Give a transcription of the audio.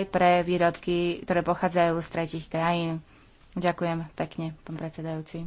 aj pre výrobky, ktoré pochádzajú z tretich krajín. Ďakujem pekne, pán predsedajúci.